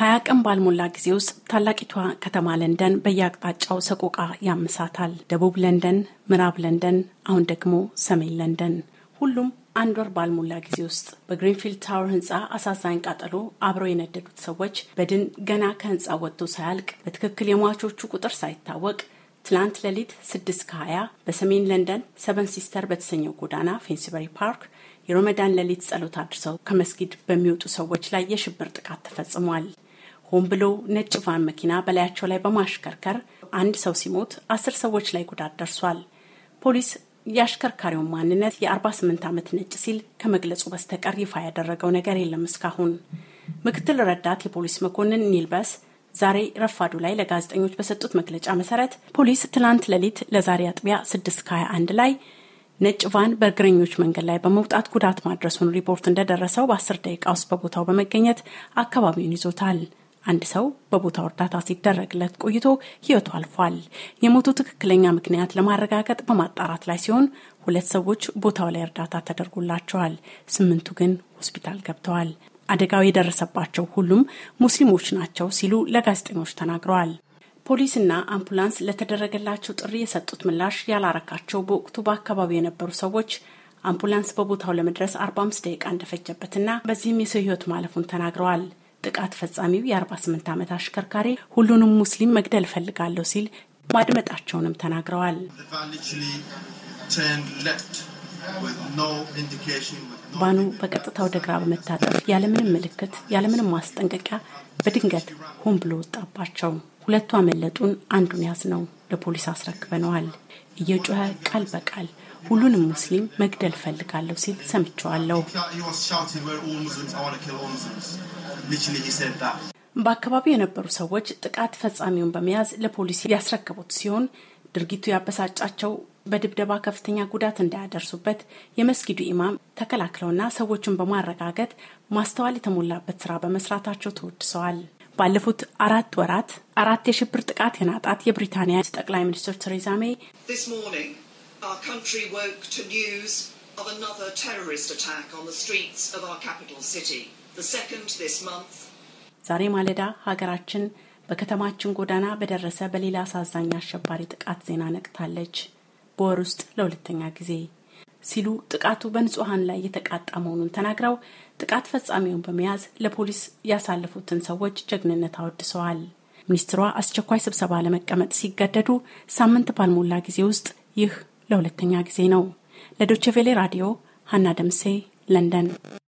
ሀያ ቀን ባልሞላ ጊዜ ውስጥ ታላቂቷ ከተማ ለንደን በየአቅጣጫው ሰቆቃ ያምሳታል። ደቡብ ለንደን፣ ምዕራብ ለንደን፣ አሁን ደግሞ ሰሜን ለንደን ሁሉም አንድ ወር ባልሞላ ጊዜ ውስጥ በግሪንፊልድ ታወር ህንፃ አሳዛኝ ቃጠሎ አብረው የነደዱት ሰዎች በድን ገና ከህንፃ ወጥቶ ሳያልቅ በትክክል የሟቾቹ ቁጥር ሳይታወቅ ትላንት ሌሊት ከ20 በሰሜን ለንደን ሰቨን ሲስተር በተሰኘው ጎዳና ፌንስበሪ ፓርክ የሮመዳን ሌሊት ጸሎት አድርሰው ከመስጊድ በሚወጡ ሰዎች ላይ የሽብር ጥቃት ተፈጽሟል። ሆን ብሎ ነጭ ቫን መኪና በላያቸው ላይ በማሽከርከር አንድ ሰው ሲሞት አስር ሰዎች ላይ ጉዳት ደርሷል። ፖሊስ የአሽከርካሪውን ማንነት የ48 ዓመት ነጭ ሲል ከመግለጹ በስተቀር ይፋ ያደረገው ነገር የለም እስካሁን። ምክትል ረዳት የፖሊስ መኮንን ኒልበስ ዛሬ ረፋዱ ላይ ለጋዜጠኞች በሰጡት መግለጫ መሰረት ፖሊስ ትላንት ሌሊት ለዛሬ አጥቢያ 6 ከ21 ላይ ነጭ ቫን በእግረኞች መንገድ ላይ በመውጣት ጉዳት ማድረሱን ሪፖርት እንደደረሰው በ10 ደቂቃ ውስጥ በቦታው በመገኘት አካባቢውን ይዞታል። አንድ ሰው በቦታው እርዳታ ሲደረግለት ቆይቶ ህይወቱ አልፏል። የሞቱ ትክክለኛ ምክንያት ለማረጋገጥ በማጣራት ላይ ሲሆን ሁለት ሰዎች ቦታው ላይ እርዳታ ተደርጎላቸዋል። ስምንቱ ግን ሆስፒታል ገብተዋል። አደጋው የደረሰባቸው ሁሉም ሙስሊሞች ናቸው ሲሉ ለጋዜጠኞች ተናግረዋል። ፖሊስና አምቡላንስ ለተደረገላቸው ጥሪ የሰጡት ምላሽ ያላረካቸው በወቅቱ በአካባቢው የነበሩ ሰዎች አምቡላንስ በቦታው ለመድረስ 45 ደቂቃ እንደፈጀበትና በዚህም የሰው ህይወት ማለፉን ተናግረዋል። ጥቃት ፈጻሚው የ48 ዓመት አሽከርካሪ ሁሉንም ሙስሊም መግደል እፈልጋለሁ ሲል ማድመጣቸውንም ተናግረዋል። ባኑ በቀጥታ ወደ ግራ በመታጠፍ ያለምንም ምልክት ያለምንም ማስጠንቀቂያ በድንገት ሆን ብሎ ወጣባቸው። ሁለቱ አመለጡን፣ አንዱን ያዝ ነው ለፖሊስ አስረክበነዋል። እየጮኸ ቃል በቃል ሁሉንም ሙስሊም መግደል ፈልጋለሁ ሲል ሰምቸዋለሁ። ልጅ ልጅ ሰጣ በአካባቢው የነበሩ ሰዎች ጥቃት ፈጻሚውን በመያዝ ለፖሊስ ያስረከቡት ሲሆን ድርጊቱ ያበሳጫቸው በድብደባ ከፍተኛ ጉዳት እንዳያደርሱበት የመስጊዱ ኢማም ተከላክለውና ሰዎቹን በማረጋገጥ ማስተዋል የተሞላበት ስራ በመስራታቸው ተወድሰዋል። ባለፉት አራት ወራት አራት የሽብር ጥቃት የናጣት የብሪታንያ ጠቅላይ ሚኒስትር ቴሬዛ ሜይ our country woke to news of another terrorist attack ዛሬ ማለዳ ሀገራችን በከተማችን ጎዳና በደረሰ በሌላ አሳዛኝ አሸባሪ ጥቃት ዜና ነቅታለች። በወር ውስጥ ለሁለተኛ ጊዜ ሲሉ ጥቃቱ በንጹሐን ላይ የተቃጣ መሆኑን ተናግረው ጥቃት ፈጻሚውን በመያዝ ለፖሊስ ያሳለፉትን ሰዎች ጀግንነት አወድሰዋል። ሚኒስትሯ አስቸኳይ ስብሰባ ለመቀመጥ ሲገደዱ ሳምንት ባልሞላ ጊዜ ውስጥ ይህ ለሁለተኛ ጊዜ ነው። ለዶቼ ራዲዮ ሀና ደምሴ ለንደን